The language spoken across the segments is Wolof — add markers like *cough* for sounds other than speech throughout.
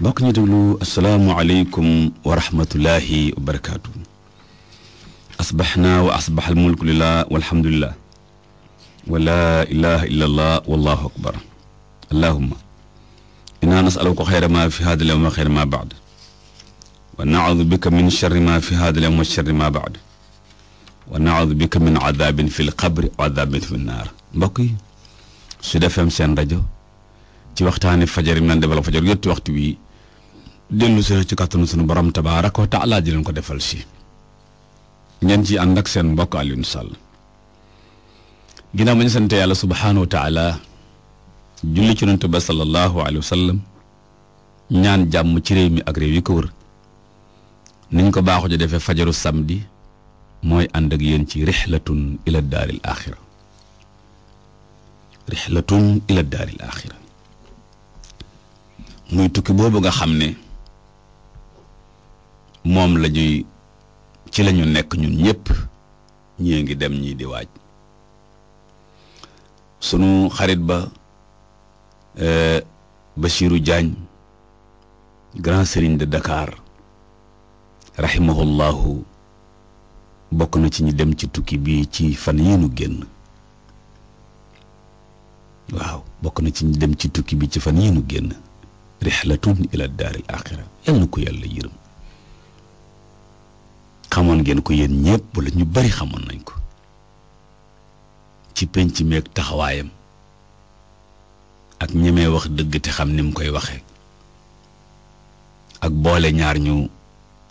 mbokk ñu déglu asalaamualeykum wa rahmatullahi wa barakaatu asbaxna wa asbax almulku lillah walhamdulillah wa laa ilaha illa allah wallahu akbar allahuma inna nasaluka xayra ma fi hada alyawm wa xayra ma bacd wa nacudu bika min sharri ma fi hada alyawm wa sharri ma bacd wa nacudu bika min cadaabin fi lqabri wa cadaabin fi nnaar mbokk yi Sud FM seen rajo ci waxtaani fajar yi mu naan defal fajar yotti waxtu wi delu si ci katunu sunu borom tabaaraka wa taala ji leen ko defal ci ñen ci ànd ak seen mbokk Alioune Sall ginnaaw ma ñu sant yàlla subhaanahu wa taala julli ci nuntu ba sallallahu alaihi wasallam ñaan jamm ci reew mi ak reew yi ko wër niñ ko baaxu ja defee fajaru samedi moy ànd ak yéen ci rihlatun ila daril akhir rihlatun ila daril akhir muy tukki bobu nga xam ne moom la ñuy ci lañu nekk ñun ñëpp ñii ngi dem ñii di waaj sunu xarit ba euh, Bachirou Diagne grand serigne de Dakar rahimahullahu bokk na ci ñu dem ci tukki bi ci fan yi nu génn waaw bokk na ci ñi dem ci tukki bi ci fan yi nu génn rixlatun ila daaril axira yal na ko yàlla yërëm xamone ngeen ko yéen nyubari wala ñu bari xamone nañ ko ci penc meek taxawayam ak ñemee wax deug te xam nim koy waxe ak boole ñaar ñu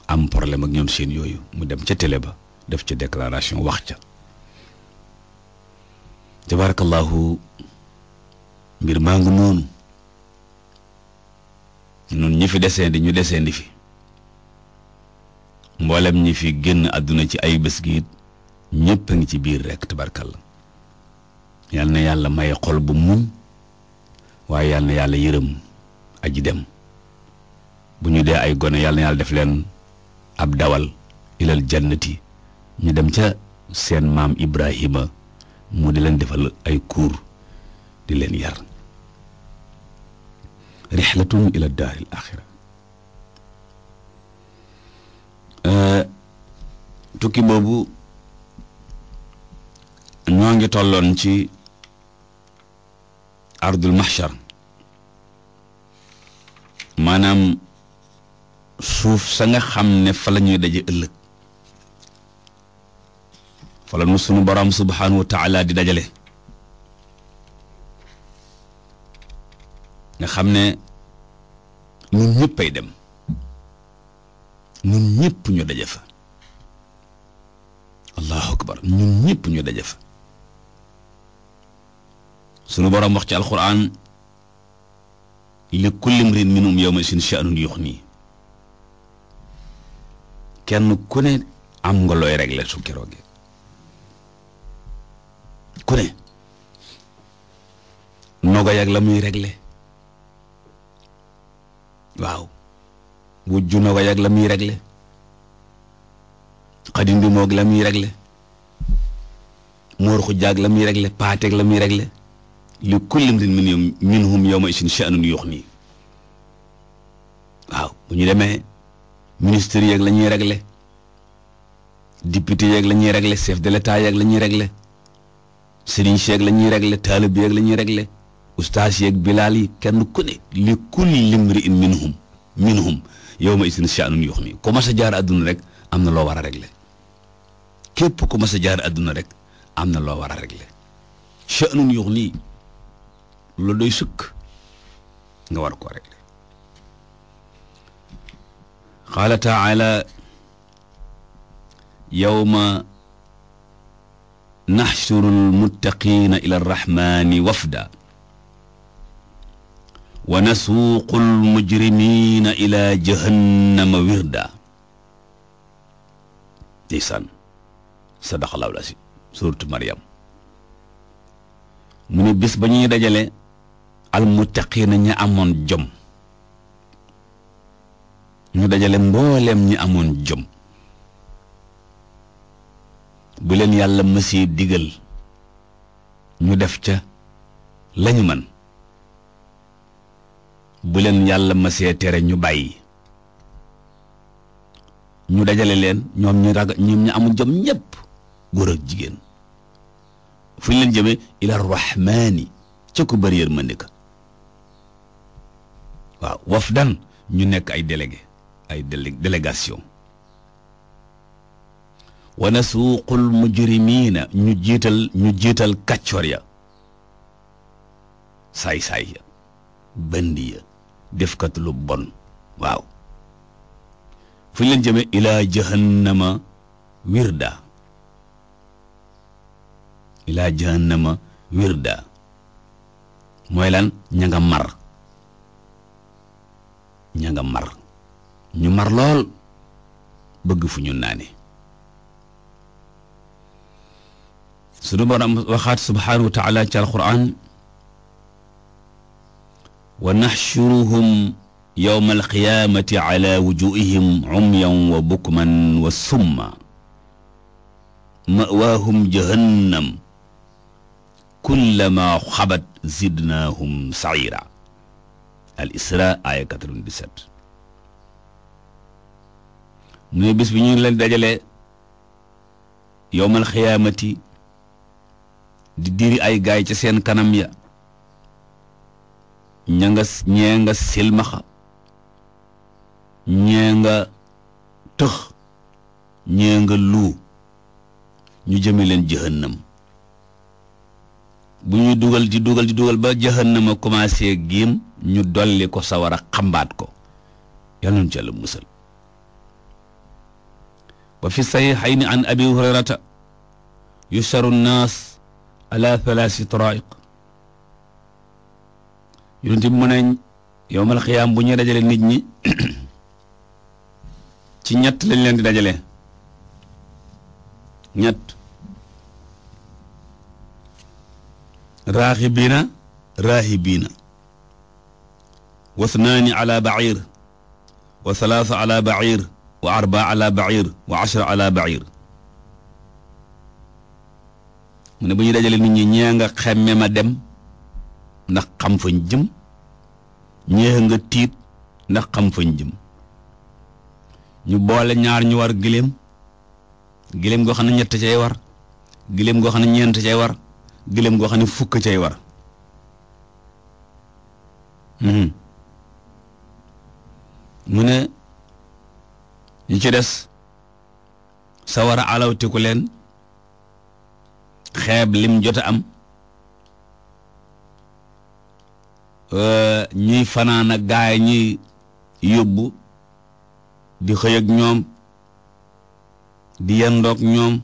am problème ak ñoom seen yoyu mu dem ci télé ba def ci déclaration wax ca tabarakallahu mbir maa ngi noonu ñun ñi fi ñu fi mboolem ñi fi génn àdduna ci ay bés gi ñépp a ngi ci biir rek la yal na yàlla maye xol bu muñ waaye yal na yàlla yërëm aji dem bu ñu dee ay gone yal yàlla def leen ab dawal ilal jannati ñu dem ca seen maam Ibrahima mu di leen defal ay kuur di leen yar rixlatun ila daaril axira Euh, tukki boobu ñoo ngi tolloon ci ardul mahshar maanaam suuf sa nga xam ne fa la ñuy daje ëllëg fa la nu sunu borom subhaanahu wa di dajale nga xam ne ñun ñëppay dem ñun ñëpp ñu daje fa allahu akbar ñun ñëpp ñu daje fa sunu borom wax ci alquran li kulli mrin minhum yawma isin sha'nun yuxni kenn ku ne am nga looy réglé su keroogee ku ne ko yag la muy réglé waaw wujju na ko yàgg la muy réglé xadim la muy réglé moor xujja ak la muy réglé paateeg la muy réglé li kulli mrin minhum yawma isin sha'nun yughni waaw bu ñu demee ministres yeeg la ñuy réglé député yeeg la ñuy réglé chef de la ñuy réglé sëriñ yeeg la ñuy réglé taalib yeeg la ñuy réglé ustaas yeeg bilaal yi kenn ku ne li kulli mrin minhum minhum yow ma isin sha'nun yox mi ku mas a jaar àdduna rek am na loo war a régler képp ku mas a jaar àdduna rek am na loo war a régler sha'nun yox nii lu doy sëkk nga war koo régler qaala taala yowma naxshuru almuttaqiina ila arrahmani wafda wa nasuuqu almujrimiina ila jahannama wirda ndeysaan sadaqallaahu l-aziim suuratu Maryam mu ne bis ba ñuy dajale almuttaqiina ñi amoon jom ñu dajale mbooleem ñi amoon jom bu leen yàlla mësee digal ñu def ca lañu man bu yang ma masee téré ñu bayyi ñu dajalé len ñom ñu rag ñim ñu amu jëm ñepp goor ak jigen fu len ila Rahmani ci ko bëri wa wafdan ñu nek ay délégué ay délégation wa nasuqul mujrimin ñu jital ñu jital kacior ya say say ya defkat lu bon waaw fu ñu leen jëme ilaa jahannama wirda ilaa jahannama wirda mooy lan ña mar ña mar ñu mar lool bëgg fu ñu naane sunu borom waxaat subhaanahu wa taala ci ونحشرهم يوم القيامة على وجوههم عميا وبكما والسما مأواهم جهنم كلما خبت زدناهم سعيرا الإسراء آية 97 mu ne bis bi ñu leen يوم yowmal دي ديري اي ay سين ca يا ña nga ñee nga silmaxa ñee nga tëx ñee nga luu ñu jëme leen jahannam bu ñuy dugal di dugal di dugal ba jahannama commencé giim ñu dolli ko sawara xambaat ko yàlla nañu ci yàlla musal wa fi saxiixayni an abi hurayrata yusharu nnaas ala thalaasi taraa'iq yonent bi mu ne yowmal xiyaam bu ñuy dajale nit ñi *clears throat* ci ñett lañ leen di dajale ñett raaxibiina raahibiina wasnaani ala bair wa salaasa ala bair wa arbaa ala bair wa ashra ala bair mu bu ñuy dajale nit ñi ñee nga xemme a dem ndax xam fañ jëm ñeex nga tiit ndax xam fañ jëm ñu boole ñaar ñu war giléem giléem goo xam ne ñett cay war giléem goo xam ne ñeent cay war giléem goo xam ne fukk cay war mhm. mu ne ñu ci des sa war a alawtiku leen xeeb lim jot a am Euh, ñuy fanaan a gaay ñuy yóbbu di xëy ñoom di yendoog ñoom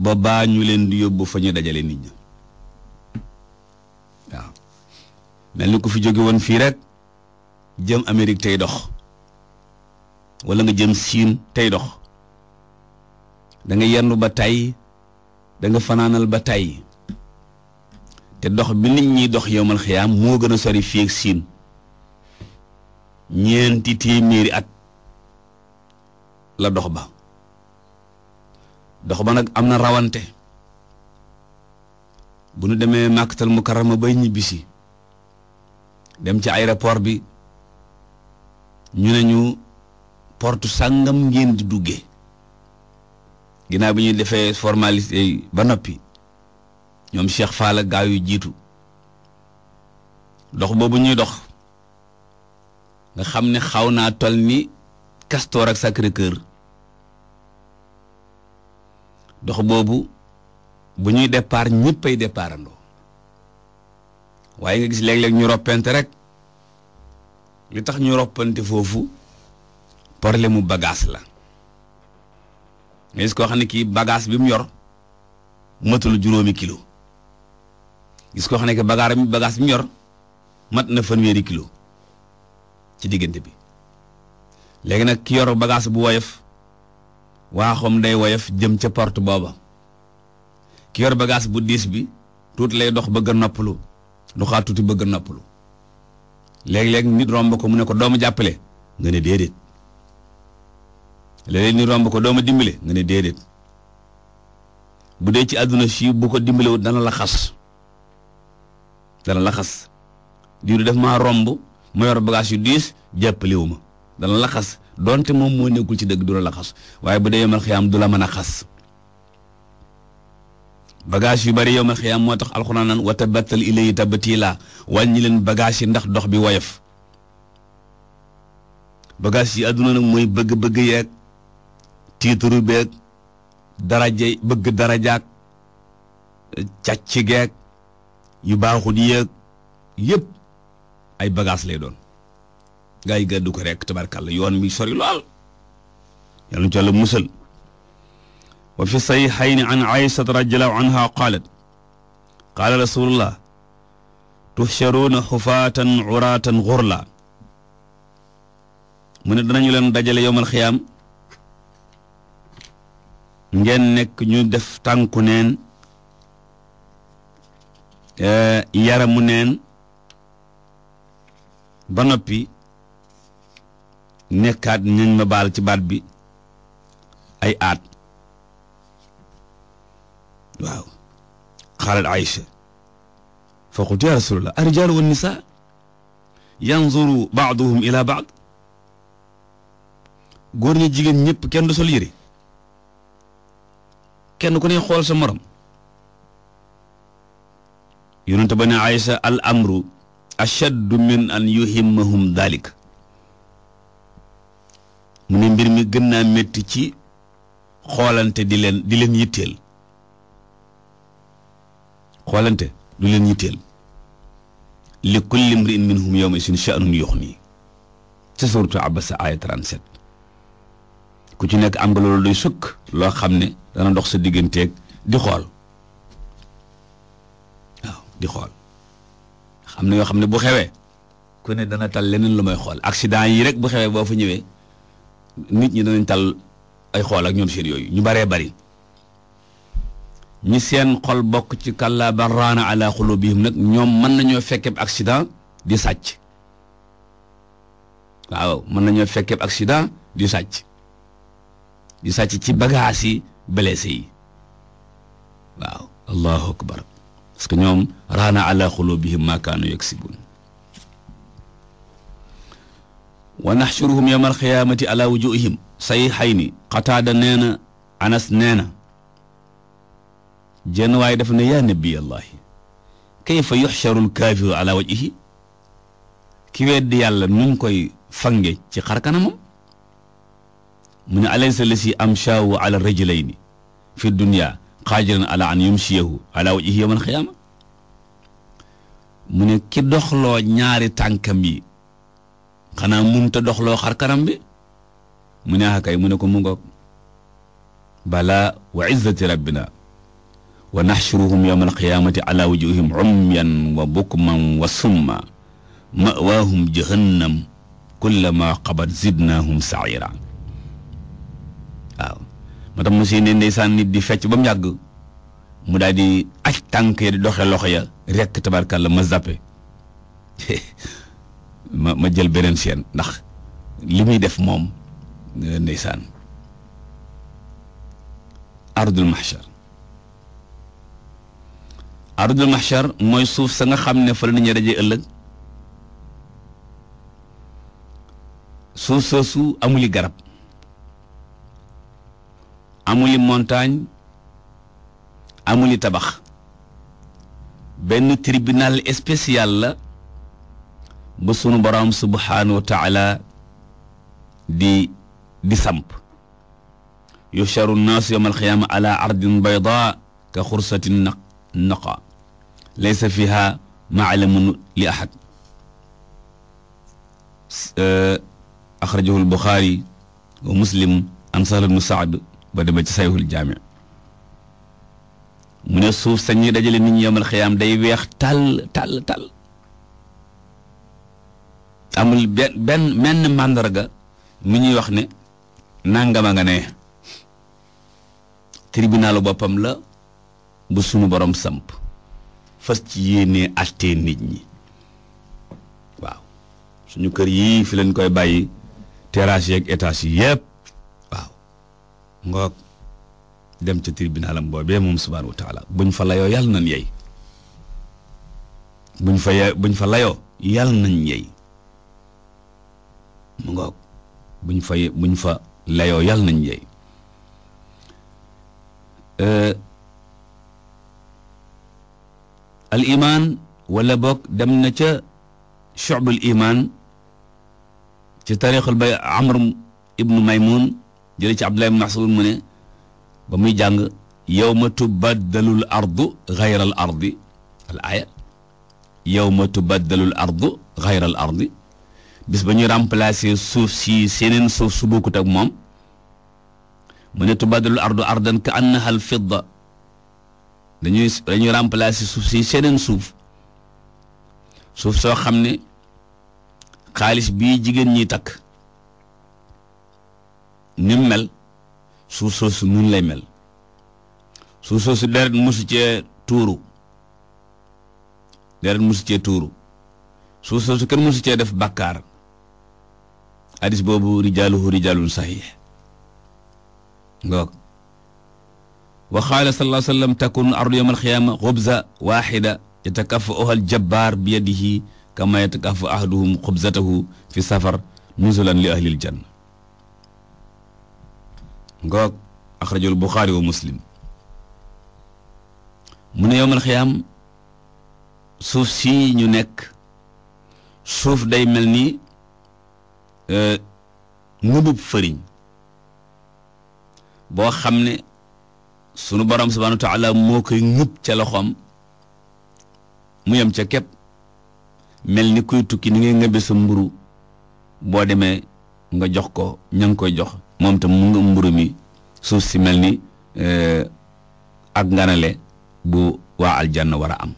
ba baa ñu leen di yóbbu fa ñu dajale nit ñi mel ni ku fi jógewoon fii rek jëm Amérique tey dox wala nga jëm Siin tey dox da nga yendu ba tey da fanaanal ba tey te dox bi nit ñiy dox yowmal xiyaam moo gën a sori fii ak siin ñeenti téeméeri at la dox ba dox ba nag am na rawante bu nu demee màkkatal mukarama bay ñibbisi dem ci aéroport bi ñu ne ñu porte sàngam ngeen di dugge ginnaaw bi ñuy defee formalité ba noppi ñoom Cheikh Fall ak gaa yu jiitu dox boobu ñuy dox nga xam ne xaw naa tol ni Castor ak sacré kër dox boobu bu ñuy départ ñëpp ay départ waaye nga gis léeg-léeg ñu roppante rek li tax ñu roppante foofu problème mu bagage la nga gis koo xam ne kii bagaas bi mu yor matul juróomi kilo gis koo xam ne que bagaar bagaas bi ñor mat na fanweeri kilo ci diggante bi léegi nag ki yor bagaas bu woyof waaxoom day woyof jëm ca porte booba ki yor bagaas bu diis bi tuuti lay dox bëgg a noppalu doxaa tuuti bëgg a noppalu léeg-léeg nit romb ko mu ne ko doomu jàppale nga ne déedéet léeg-léeg nit romb ko doomu dimbale nga ne déedéet bu dee ci àdduna si bu ko dimbalewut dana la xas dana la xas diw di def maa romb ma yor bagage yu diis jàppaliwu ma dana la xas donte moom moo nekkul ci dëgg du la xas waaye bu dee yomal xiyaam du la mën a xas bagage yu bari yomal xiyaam moo tax alxuraan naan wa tabattal ilayi tabatiila wàññi leen bagage yi ndax dox bi woyof bagage yi àdduna nag mooy bëgg-bëgg yeeg tiituru beeg daraje bëgg càcc geeg yu baaxul yeeg yëpp ay bagages lay doon gaa yi gàddu ko rek tabarkàlla yoon mi sori lool yàlla na ci yàlla musal wa fi saxiixayni an aysata radiallahu anha qaalat qaala rasulullah tuhcharuuna xufaatan curaatan xurla mu ne danañu leen dajale yowmal xiyaam ngeen nekk ñu def tànku neen Eh, yaramu neen ba noppi nekkaat nañ ma baal ci baat bi ay aat waaw xaalat Aïcha fa qultu ya rasulallah arijaalu wa nisaa yanzuru baaduhum ila baad góor ñi jigéen ñépp kenn du sol kenn ku ne xool sa morom yonente ba ne Aysa al amru ashaddu min an yuhimmahum dalik mu ne mbir mi gën naa métti ci xoolante di leen di leen yitteel xoolante du leen yitteel li kulli imri'in minhum yawma isin sha'nun yuxni ca suuratu Abasa aaya 37 ku ci nekk am nga loolu doy sëkk loo xam ne dana dox sa digganteeg di xool di xool xam na yoo xam ne bu xewee ku ne dana tal leneen lu may xool accident yi rek bu xewee boo fa ñëwee nit ñi danañ tal ay xool ak ñoom seen yooyu ñu baree bari ñu seen xol bokk ci kàllaa barraana ala xulubihim nag ñoom mën nañoo fekkeb accident di sàcc waaw mën nañoo fekkeb accident di sàcc di sàcc ci bagages yi blessé yi waaw allahu akbar parce que ñoom raana ala xulubihim ma kaanu yaksibun wa naxshuruhum yowma alqiyaamati ala wujuhihim sayxayni xataada nee na anas nee na jenn waaye dafa ne yaa alkaafiru ala wajhihi ki weddi yàlla nuñ koy fange ci xarkanamam mu ne alaysa ala rajlayni fi dunya xaajiran ala an yumsiyahu ala wajhihi yawmal qiyaama mu ne ki doxloo ñaari tànkam yi xanaa munta doxloo xar kanam bi mu ne akay ah mu ne ko mu ngoog bala wa izzati rabbina wa naxshuruhum yawma alqiyaamati ala wujuhihim umyan wa bukman wa summa mawaahum jahannam kullama qabat zidnaahum saira waaw ma tax mu si ne ndeysaan nit di fecc ba mu yàgg mu daal di aj tànk ya di doxe loxo ya rekk tabarkàlla ma zappe *laughs* ma ma jël beneen seen ndax li muy def moom euh, ndeysaan ardul mahshar ardul mahshar mooy suuf sa nga xam ne fa la nit ñi dajee ëllëg suuf soosu amuli garab amuli montagne amuli tabax benn tribunal spécial la ba sunu borom subhaanahu wa taala di di samp yusharu nnaas yowma alqiyaama ala ardin bayda ka xursatin na naqa laysa fiha maalamun li ahad axrajahu albuxaari wa muslim an sahl bnu saad ba dama ci sayhul jami mu ne suuf sañ ñuy dajale nit ñi yamal xiyam day weex tal tal tal amul ben ben menn màndarga mu ñi wax ne nangama nga ne tribunal bopam la bu sunu borom samp fas ci yene attee nit ñi waaw suñu kër yi fi lañ koy bayyi terrasse étage yépp ngoog dem ca tribunalam boobee moom subhaanahu wa taala buñ fa layoo yàlla nañ yey buñ fa ye buñ nañ yey mu ngoog buñ fa buñ fa layoo yàlla nañ yey euh, al imaan wala boog dem na ca shubul imaan ci taarixul bay amr ibnu maymun Jadi ci Abdullah ibn mune bamuy jang yawma tubaddalul ardu ghayra al ardi al aya yawma tubaddalul ardu ghayra al ardi bis bañu remplacer souf si senen souf su bokut ak mom mune tubaddalul ardu ardan ka annaha al fidda dañuy dañuy remplacer souf si senen souf souf so xamne khalis bi jigen ñi tak ni mu mel suuf soosu nun lay mel suuf soosu deret mosu cee tuuru deret mosu cee tuuru suuf soosu kenn mosu cee def bàkkaar hadis boobu rijaaluhu rijaalun saxiix ngoog wa qaala sallallaahu alayhi wa sallam takun ardu yawma alxiyaama xubza waaxida yatakafa'uha aljabbaar biyadihi kama yatakafa ahaduhum xubzatahu fi safar nuzulan li ahli aljanna ngok akhrajul bukhari wa muslim mune yowmal khiyam suuf si ñu nekk suuf day mel ni e, ngubub fëriñ boo xam ne sunu borom subhanahu wa taala moo koy ngëb ca loxoom mu yem ca mel kuy tukki ni ngay ngëbe sa mburu boo demee nga jox ko ña koy jox moom tam mu nga mburu mi suuf si mel ni e, ak nganale bu waa aljanna war a am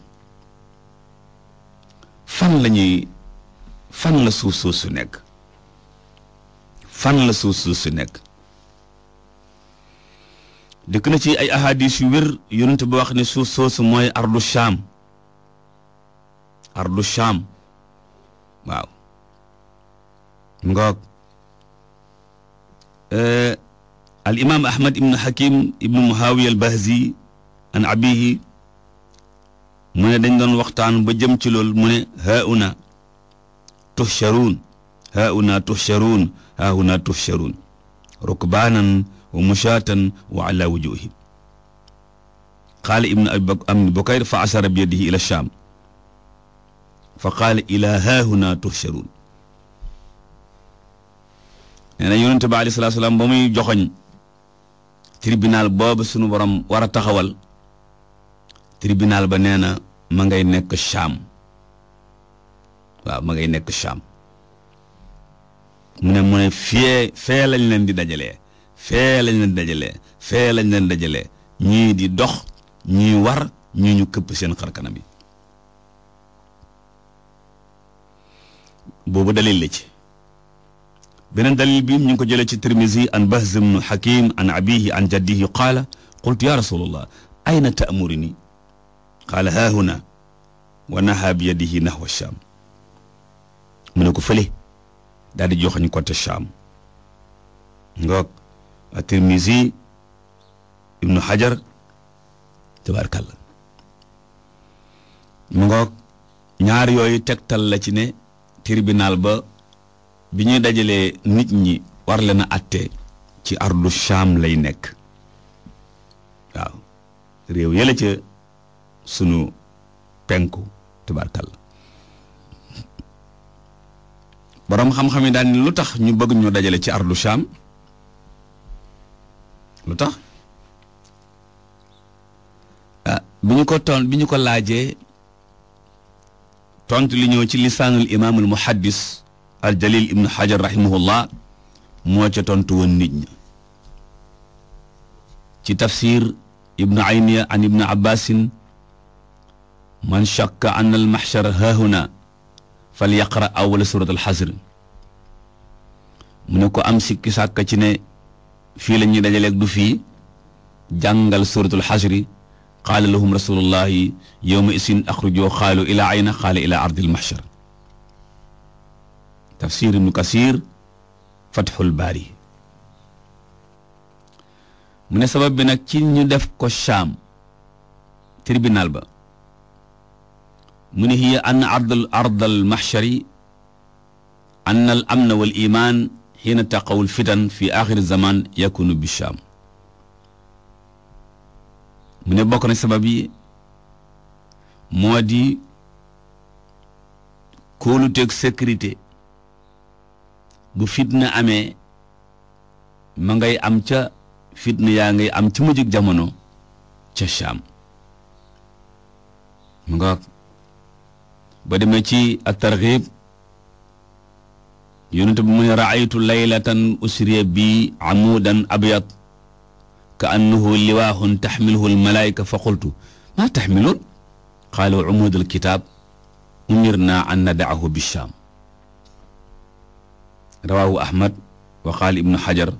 fan la fan la suuf suuf su nekk fan la suuf suuf su nekk dëkk na ci ay ahadis yu wér yonent ba wax ne suuf soosu mooy ardu shaam ardu shaam waaw ngoog آه، الإمام أحمد بن حكيم بن مهاوية البهزي عن أبيه من دنجان وقت عن بجم تلول من هؤنا تحشرون هؤنا تحشرون هاهنا تحشرون ركبانا ومشاة وعلى وجوههم قال ابن أبي بكر فعسر بيده إلى الشام فقال إلى هاهنا تحشرون nee na yonente bi alayhi salaatu salaam ba muy joxoñ tribunal boobu sunu borom war a taxawal tribunal ba nee na ma ngay nekk Shaam waaw ma ngay nekk Shaam mu ne mu ne fee fee lañ leen di dajalee fee lañ leen di dajalee fee lañ leen di dajalee ñii di dox ñii war ñii ñu këpp seen xarkanam yi boobu dalil la ci beneen dalil bi ñu ngi ko jëlee ci Tirmizi an Bahz ibnu Hakim an abihi an jaddihi qaala qultu ya rasulallah ayna ta'muruni qaala haa huna wa nahaa bi yadihi nahwa Shaam mu ne ko fële daal di joxañ côté Shaam ngoog Tirmizi ibnu Hajar tabarakallah mu ngoog ñaar yooyu tegtal la ci ne tribunal ba bi ñuy dajalee nit ñi warle na a ci ardu Shaam lay nekk waaw réew yële ca sunu penku tubaarkalla boroom xam-xam yi daan ni lu tax ñu bëgg ñu dajale ci ardu Shaam lu tax ah bi ñu ko ton bi ñu ko laajee tontu li ñëw ci lisaanul imaamul muhaddis aljalil ibnu hajar rahimahullah moo ca tontu woon nit ña ci tafsir ibnu ayniya an ibnu abbasin man shakka an al mahshar haahuna fal yaqra awala surat al hasr mu ne ko am sikki sàkka ci ne fii la ñuy dajaleeg du fii jàngal suratul xasri qaala lahum rasulullahi yowma isin axrujoo xaalu ila ayna qaala ila ardil mahshar تفسير ابن كثير فتح الباري من سبب بنك كين يدف كشام تربينا البا من هي أن أرض الأرض المحشري أن الأمن والإيمان حين تقوى الفتن في آخر الزمان يكون بالشام من بكر السبب مودي كولو تيك سكريتي bu fitna amé ma ngay am ca fitna ya ngay am ci mujjug jamono ca Sham nga ba demé ci at-Targhib yonent bi mun raaytu laylatan usriya bi amudan abyad ka liwahun tahmiluhu taxmiluhu almalaayika fa qultu ma tahmilun qalu umud alkitab, umirna an bi bishaam rawaahu ahmad wa qaal ibnu xajar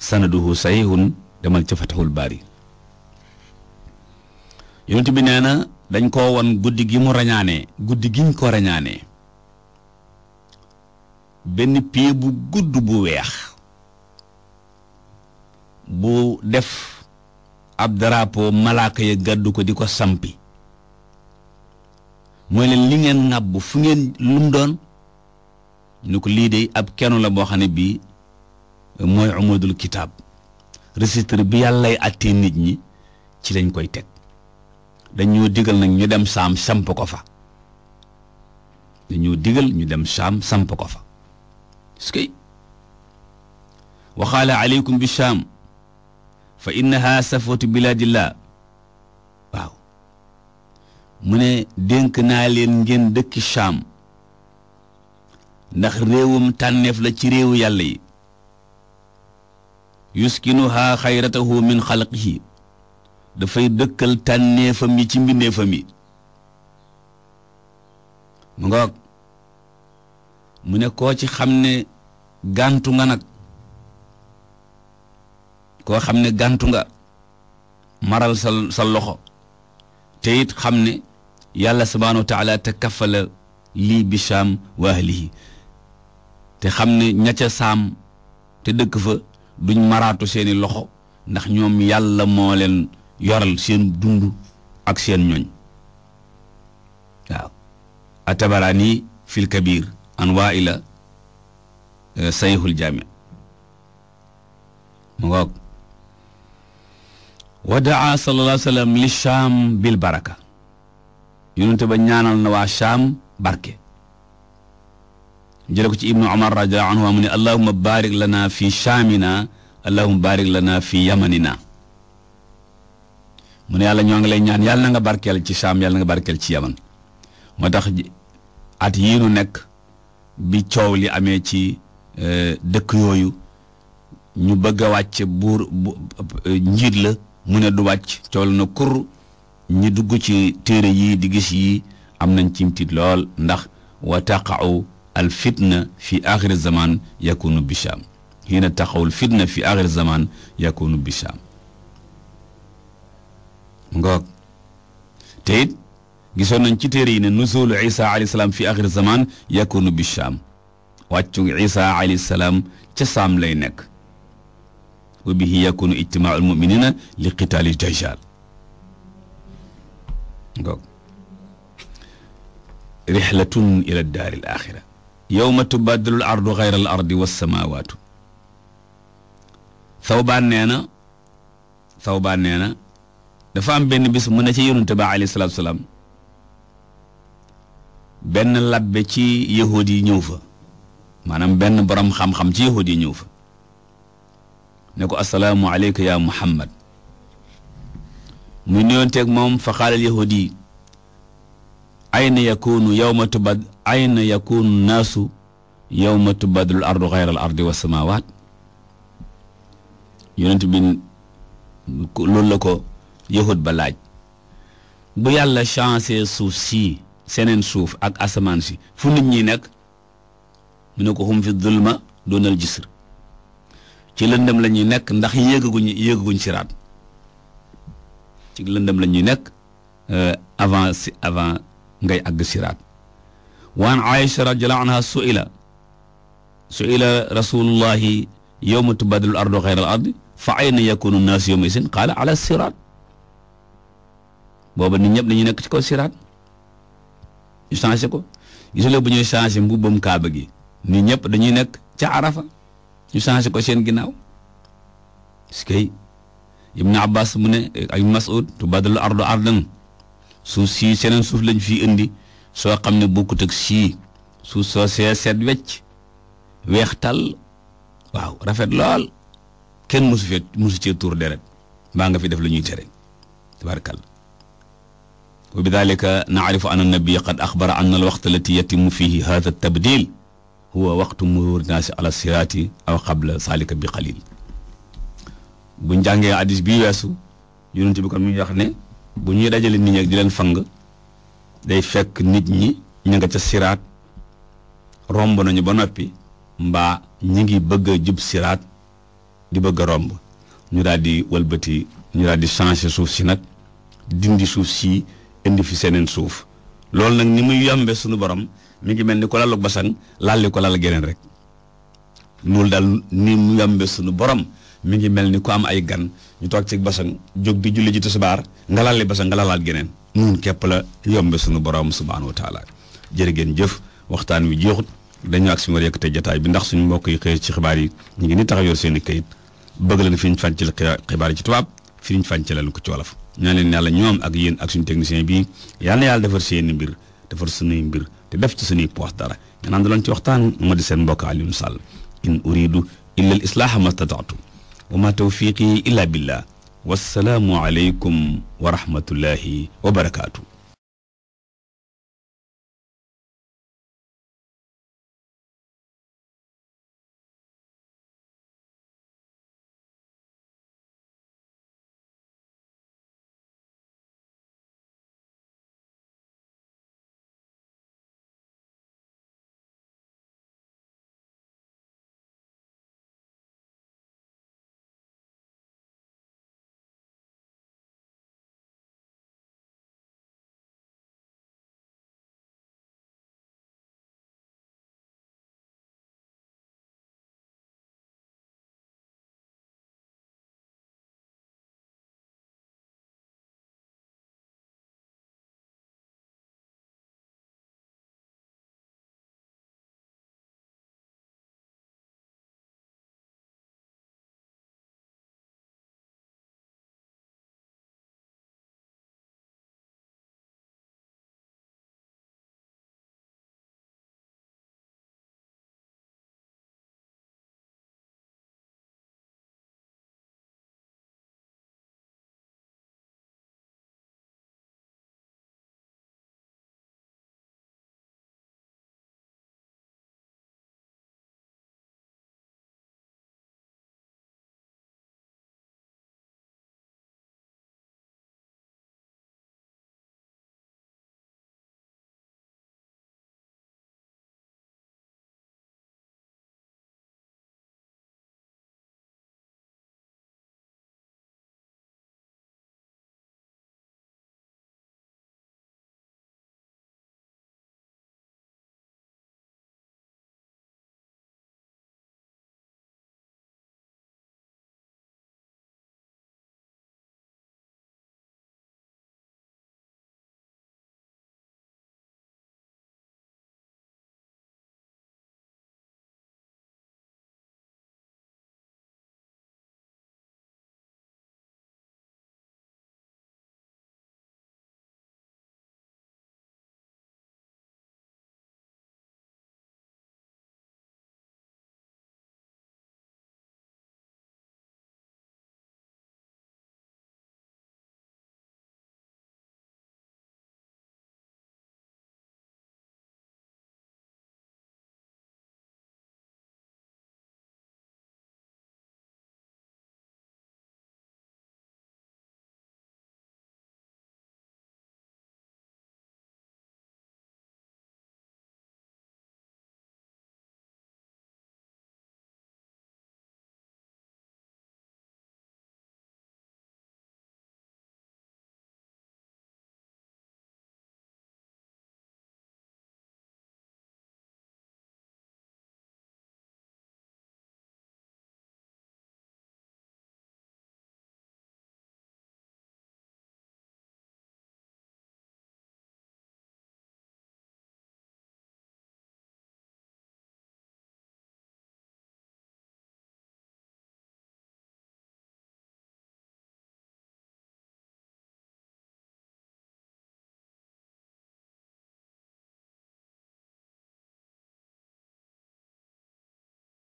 sanaduhu saxiihun demal ci fatahul baari yonent bi nee na dañ koo won guddi gi mu rañaanee guddi giñ ko rañaanee benn pied bu gudd bu weex bu def ab drapeau malaaka ya gàddu ko di ko sampi mooy leen li ngeen ŋàbb fu ngeen lum doon ñu ko lii de ab kenn la boo xam ne bii mooy umadul kitaab registre bi yàllay attee nit ñi ci lañ koy teg dañoo digal nag ñu dem saam samp ko fa dañoo digal ñu dem saam samp ko fa skey waxaala aleykum bi saam fa innaha safwatu bilaadillah waaw mu ne dénk naa leen ngeen dëkki saam ndax réewum tànneef la ci réewu yàlla yi yuskinuha xayratahu min xalqihi dafay dëkkal tànneefam yi ci mbindeefam yi mu ngoog mu ne koo ci xam ne gàntu nga nag koo xam ne gàntu nga maral sa sa loxo te xam ne yàlla subhaanahu wa taala te kafala lii bicham wa ahlihi te xam ne ña ca saam te dëkk fa duñ maraatu seeni loxo ndax ñoom yàlla moo leen yoral seen dund ak seen ñoñ waaw atabaraani fil kabir an waa ila eh, jaami mu ngoog wadaa sallallahu alayhi wa sallam li shaam bil baraka yonente ba ñaanal na waa shaam barke jële ko ci ibnu omar radiallahu anhu mu ne allahuma barik lana fi shaamina allahuma barik lana fi yamanina mu ne yàlla ñoo ngi lay ñaan yàlla na nga barkeel ci saam yàlla na nga barkeel ci yaman moo tax at yii nu nekk bi coow li amee ci e, dëkk yooyu ñu bëgg a wàcc buur e, njiit la mu ne du wàcc coow la na kur ñi dugg ci téere yii di gis yii am nañ cim tiit lool ndax wa taqaw الفتنة في آخر الزمان يكون بالشام حين تقع الفتنة في آخر الزمان يكون بالشام ngoog te it gisoon nañ ci téere yi ne nuzulu isa alayhi salaam fi axir zaman yakunu bi shaam wàccu isa alayhi salaam ca saam lay nekk wa bihi yakunu ijtimaul muminina li qitaali dajjal ngoog rixlatun ila daari al axira يوم تبدل الأرض غير الأرض والسماوات ثوبان نانا ثوبان نينا دفعن بين بس من شيء تبع عليه الصلاة والسلام بن لب بشي يهودي نيوفا مانام بن برام خام خام جي يهودي نيوفا نكو السلام عليك يا محمد من ينتك موم فقال اليهودي ayna yakunu yawma tubad ayna yakunu naasu yawma tubadlu ardu xayra ardi wa samawaat yonent bi loolu la ko yahud ba laaj bu yàlla changé suuf sii seneen suuf ak asamaan si fu nit ñi nekk mu ne ko hum fi zulma doonal jisr ci lëndëm la ñuy nekk ndax yéegaguñ yéegaguñ siraat ci lëndëm lañuy nekk euh, avant ngay àgg siraat wa an aïcha radiallahu anha suila suila rasulullahi yowma tubadilul ardu xeyra al ardi fa ayna yakunu naasu yowma isin qaala ala siraat booba nit ñëpp dañuy nekk ci kaw siraat ñu changé ko gisula bu ñuy changé mbubbam kaaba gi nit ñëpp dañuy nekk ca arafa ñu changé ko seen ginnaaw parce que ibnu abbas mu ne ak masud tubadilul ardu ardan suuf sii seneen suuf lañ fi indi soo xam ne bokkut ak sii suuf soo see seet wecc weex tal waaw rafet lool kenn musu fee musu cee tuur deret mbaa nga fi def la ñuy tere tabarakal wa bidalika naarifu an annabiya qad axbara an alwaqt allati yatimu fihi hada altabdil huwa waqtu murur naasi ala siraati aw qabla salika bi qalil buñ jàngee hadis bii weesu yonente bi kon mu wax ne bu ñuy dajale nit ñi ak di leen fang day fekk nit ñi ña nga ca siraat romb nañu ba noppi mbaa ñi ngi bëgg jub di bëgg romb ñu daal di walbati ñu daal di changer suuf si nag dindi suuf si indi fi seneen suuf loolu nag ni muy yombe sunu borom mi ngi mel ni ko lalu basan lalli ko lal geneen rek besu nu ni mu yombe sunu borom mi ngi mel ni ku am ay gan ñu toog ci basang jóg di julli ji tisbaar nga laal li basang nga laalaat geneen nun képp la yombe sunu borom subhaanahu wa taala jërë ngeen jëf waxtaan wi jeexut dañu ak si war yëkkate jataay bi ndax suñu mbokk yi xëy ci xibaar yi ñu ngi ni tax yor seen i këyit bëgg leen fi ñu fàncal xibaar yi ci tubaab ñu fàncal ko ci wolof ñaan leen yàlla ñoom ak yéen ak suñu technicien bii yàlla na yàlla defar seeni mbir defar suñuy mbir def ci suñuy poos dara ñaan da loon ci waxtaan moo di seen mbokk Alioune Sall in uridu illa al islaaha ma stataatu وما توفيقي إلا بالله والسلام عليكم ورحمة الله وبركاته